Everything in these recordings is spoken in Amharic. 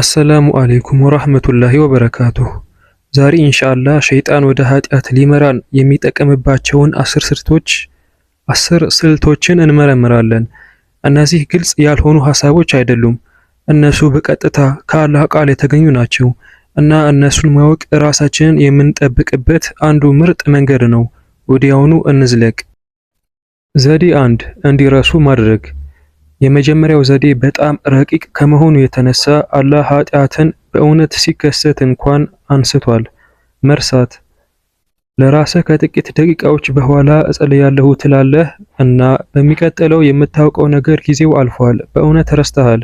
አሰላሙ አሌይኩም ወራህመቱላሂ ወበረካቱሁ። ዛሬ ኢንሻአላህ ሸይጣን ወደ ኃጢአት ሊመራን የሚጠቀምባቸውን አስር ስልቶች አስር ስልቶችን እንመረምራለን። እነዚህ ግልጽ ያልሆኑ ሀሳቦች አይደሉም። እነሱ በቀጥታ ከአላህ ቃል የተገኙ ናቸው እና እነሱን ማወቅ ራሳችንን የምንጠብቅበት አንዱ ምርጥ መንገድ ነው። ወዲያውኑ እንዝለቅ። ዘዴ አንድ እንዲረሱ ማድረግ የመጀመሪያው ዘዴ በጣም ረቂቅ ከመሆኑ የተነሳ አላህ ኃጢአትን በእውነት ሲከሰት እንኳን አንስቷል። መርሳት ለራስህ ከጥቂት ደቂቃዎች በኋላ እጸልያለሁ ትላለህ እና በሚቀጥለው የምታውቀው ነገር ጊዜው አልፏል፣ በእውነት ረስተሃል።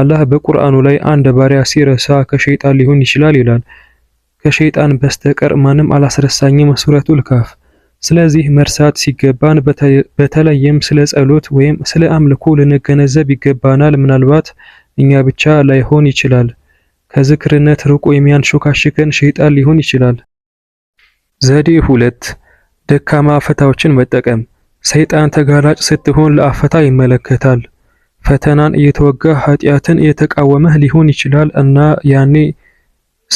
አላህ በቁርአኑ ላይ አንድ ባሪያ ሲረሳ ከሸይጣን ሊሆን ይችላል ይላል። ከሸይጣን በስተቀር ማንም አላስረሳኝም። ሱረቱል ካፍ ስለዚህ መርሳት ሲገባን በተለይም ስለ ጸሎት ወይም ስለ አምልኮ ልንገነዘብ ይገባናል። ምናልባት እኛ ብቻ ላይሆን ይችላል። ከዝክርነት ርቆ የሚያንሾካሽከን ሸይጣን ሊሆን ይችላል። ዘዴ ሁለት ደካማ አፈታዎችን መጠቀም። ሰይጣን ተጋላጭ ስትሆን ለአፈታ ይመለከታል። ፈተናን እየተወጋ ኃጢአትን እየተቃወመህ ሊሆን ይችላል እና ያኔ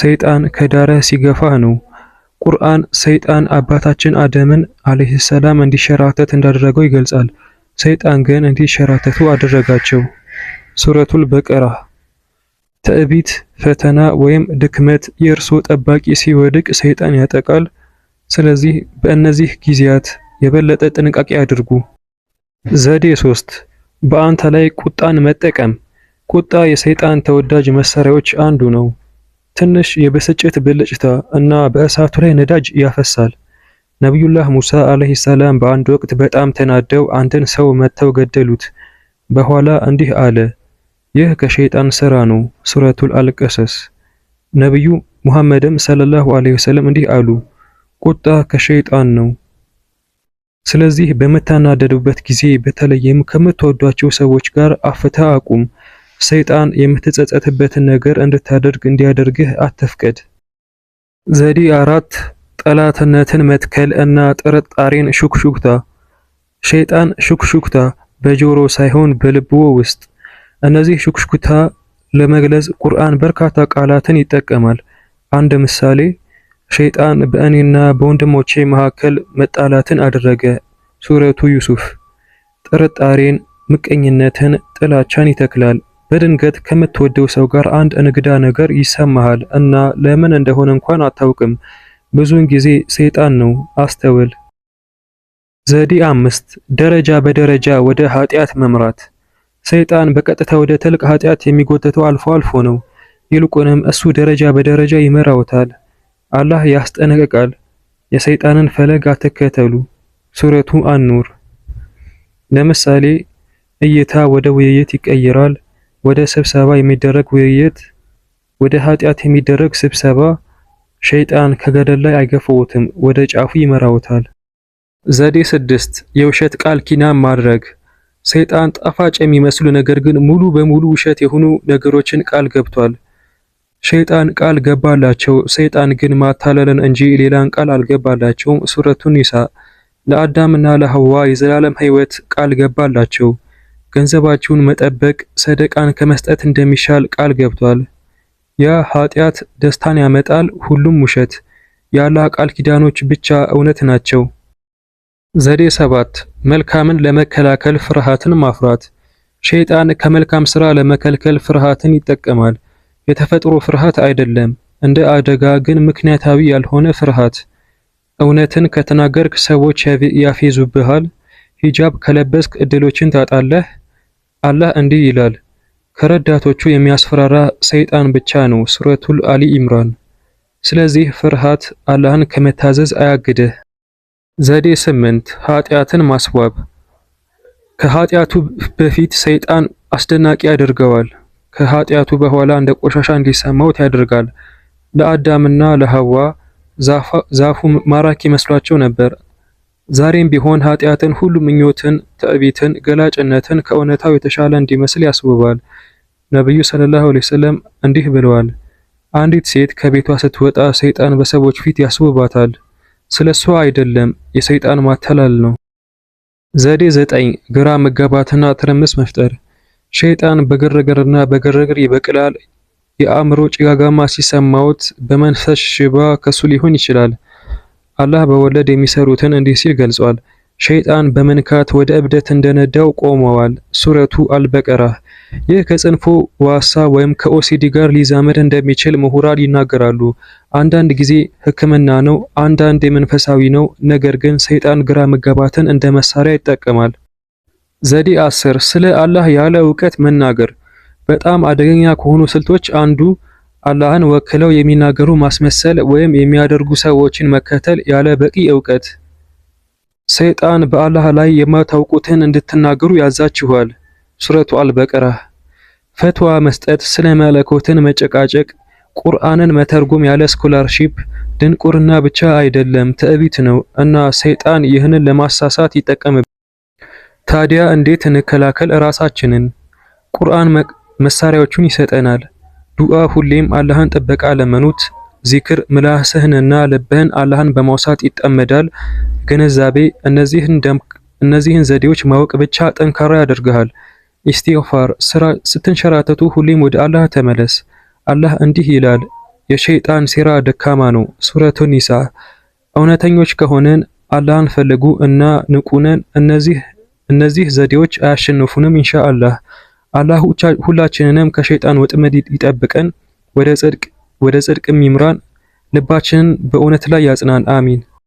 ሰይጣን ከዳረ ሲገፋህ ነው። ቁርአን ሰይጣን አባታችን አደምን አለይሂ ሰላም እንዲሸራተት እንዳደረገው ይገልጻል። ሰይጣን ግን እንዲሸራተቱ አደረጋቸው። ሱረቱል በቀራ። ትዕቢት፣ ፈተና ወይም ድክመት የእርሱ ጠባቂ ሲወድቅ ሰይጣን ያጠቃል። ስለዚህ በእነዚህ ጊዜያት የበለጠ ጥንቃቄ አድርጉ። ዘዴ ሶስት በአንተ ላይ ቁጣን መጠቀም። ቁጣ የሰይጣን ተወዳጅ መሳሪያዎች አንዱ ነው። ትንሽ የብስጭት ብልጭታ እና በእሳቱ ላይ ነዳጅ ያፈሳል። ነቢዩላህ ሙሳ አለይሂ ሰላም በአንድ ወቅት በጣም ተናደው አንድን ሰው መጥተው ገደሉት። በኋላ እንዲህ አለ፣ ይህ ከሸይጣን ስራ ነው። ሱረቱል አልቀሰስ። ነቢዩ ሙሐመድም ሰለላሁ ዐለይሂ ወሰለም እንዲህ አሉ፣ ቁጣ ከሸይጣን ነው። ስለዚህ በምታናደዱበት ጊዜ በተለይም ከምትወዷቸው ሰዎች ጋር አፍታ አቁም። ሰይጣን የምትጸጸትበትን ነገር እንድታደርግ እንዲያደርግህ አትፍቀድ። ዘዴ አራት ጠላትነትን መትከል እና ጥርጣሬን ሹክሹክታ። ሸይጣን ሹክሹክታ በጆሮ ሳይሆን በልብዎ ውስጥ። እነዚህ ሹክሹክታ ለመግለጽ ቁርአን በርካታ ቃላትን ይጠቀማል። አንድ ምሳሌ ሸይጣን በእኔና በወንድሞቼ መካከል መጣላትን አደረገ። ሱረቱ ዩሱፍ። ጥርጣሬን፣ ምቀኝነትን፣ ጥላቻን ይተክላል። በድንገት ከምትወደው ሰው ጋር አንድ እንግዳ ነገር ይሰማሃል እና ለምን እንደሆነ እንኳን አታውቅም። ብዙውን ጊዜ ሰይጣን ነው። አስተውል። ዘዴ አምስት ደረጃ በደረጃ ወደ ኃጢአት መምራት። ሰይጣን በቀጥታ ወደ ትልቅ ኃጢአት የሚጎተተው አልፎ አልፎ ነው። ይልቁንም እሱ ደረጃ በደረጃ ይመራውታል። አላህ ያስጠነቅቃል። የሰይጣንን ፈለግ አትከተሉ። ሱረቱ አኑር ለምሳሌ እይታ ወደ ውይይት ይቀይራል። ወደ ስብሰባ የሚደረግ ውይይት፣ ወደ ኃጢአት የሚደረግ ስብሰባ ሸይጣን ከገደል ላይ አይገፈውትም፣ ወደ ጫፉ ይመራውታል። ዘዴ ስድስት የውሸት ቃል ኪዳን ማድረግ ሰይጣን ጣፋጭ የሚመስሉ ነገር ግን ሙሉ በሙሉ ውሸት የሆኑ ነገሮችን ቃል ገብቷል። ሸይጣን ቃል ገባላቸው፣ ሰይጣን ግን ማታለልን እንጂ ሌላን ቃል አልገባላቸውም። ሱረቱ ኒሳ ለአዳምና ለሐዋ የዘላለም ሕይወት ቃል ገባላቸው። ገንዘባችሁን መጠበቅ ሰደቃን ከመስጠት እንደሚሻል ቃል ገብቷል። ያ ኃጢአት ደስታን ያመጣል፣ ሁሉም ውሸት። የአላህ ቃል ኪዳኖች ብቻ እውነት ናቸው። ዘዴ ሰባት መልካምን ለመከላከል ፍርሃትን ማፍራት። ሸይጣን ከመልካም ስራ ለመከልከል ፍርሃትን ይጠቀማል። የተፈጥሮ ፍርሃት አይደለም፣ እንደ አደጋ ግን ምክንያታዊ ያልሆነ ፍርሃት። እውነትን ከተናገርክ ሰዎች ያፌዙብሃል። ሂጃብ ከለበስክ እድሎችን ታጣለህ። አላህ እንዲህ ይላል፣ ከረዳቶቹ የሚያስፈራራ ሰይጣን ብቻ ነው። ሱረቱል አሊ ኢምራን። ስለዚህ ፍርሃት አላህን ከመታዘዝ አያግድህ። ዘዴ ስምንት ኃጢአትን ማስዋብ። ከኃጢአቱ በፊት ሰይጣን አስደናቂ ያደርገዋል። ከኃጢአቱ በኋላ እንደ ቆሻሻ እንዲሰማውት ያደርጋል። ለአዳምና ለሐዋ ዛፉ ማራኪ መስሏቸው ነበር። ዛሬም ቢሆን ኃጢአትን ሁሉ ምኞትን፣ ትዕቢትን፣ ገላጭነትን ከእውነታው የተሻለ እንዲመስል ያስውባል። ነቢዩ ሰለላሁ ዐለይሂ ወሰለም እንዲህ ብለዋል፣ አንዲት ሴት ከቤቷ ስትወጣ ሰይጣን በሰዎች ፊት ያስውባታል። ስለ እሷ አይደለም፣ የሰይጣን ማታለል ነው። ዘዴ ዘጠኝ ግራ መጋባትና ትርምስ መፍጠር። ሸይጣን በግርግርና በግርግር ይበቅላል። የአእምሮ ጭጋጋማ ሲሰማውት በመንፈስ ሽባ ከሱ ሊሆን ይችላል። አላህ በወለድ የሚሰሩትን እንዲህ ሲል ገልጿል። ሸይጣን በመንካት ወደ እብደት እንደነዳው ቆመዋል። ሱረቱ አልበቀራ። ይህ ከጽንፎ ዋሳ ወይም ከኦሲዲ ጋር ሊዛመድ እንደሚችል ምሁራን ይናገራሉ። አንዳንድ ጊዜ ሕክምና ነው፣ አንዳንድ የመንፈሳዊ ነው። ነገር ግን ሰይጣን ግራ መጋባትን እንደ መሳሪያ ይጠቀማል። ዘዴ አስር ስለ አላህ ያለ እውቀት መናገር በጣም አደገኛ ከሆኑ ስልቶች አንዱ አላህን ወክለው የሚናገሩ ማስመሰል ወይም የሚያደርጉ ሰዎችን መከተል ያለ በቂ እውቀት። ሰይጣን በአላህ ላይ የማታውቁትን እንድትናገሩ ያዛችኋል። ሱረቱ አልበቀራ። ፈትዋ መስጠት፣ ስለ መለኮትን መጨቃጨቅ፣ ቁርአንን መተርጎም ያለ ስኮላርሺፕ ድንቁርና ብቻ አይደለም፣ ትዕቢት ነው እና ሰይጣን ይህንን ለማሳሳት ይጠቀምበት። ታዲያ እንዴት እንከላከል ራሳችንን? ቁርአን መሳሪያዎቹን ይሰጠናል። ዱዓ ሁሌም አላህን ጥበቃ ለመኑት። ዚክር ምላስህንና ልብህን አላህን በማውሳት ይጠመዳል። ግንዛቤ እነዚህን ዘዴዎች ማወቅ ብቻ ጠንካራ ያደርግሃል። ኢስቲግፋር ስትንሸራተቱ ሁሌም ወደ አላህ ተመለስ። አላህ እንዲህ ይላል፣ የሸይጣን ሴራ ደካማ ነው። ሱረቱ ኒሳ። እውነተኞች ከሆነን አላህን ፈልጉ እና ንቁነን። እነዚህ ዘዴዎች አያሸንፉንም ኢንሻአላህ። አላህ ሁላችንንም ከሸይጣን ወጥመድ ይጠብቀን፣ ወደ ጽድቅም ይምራን፣ ልባችንን በእውነት ላይ ያጽናን። አሚን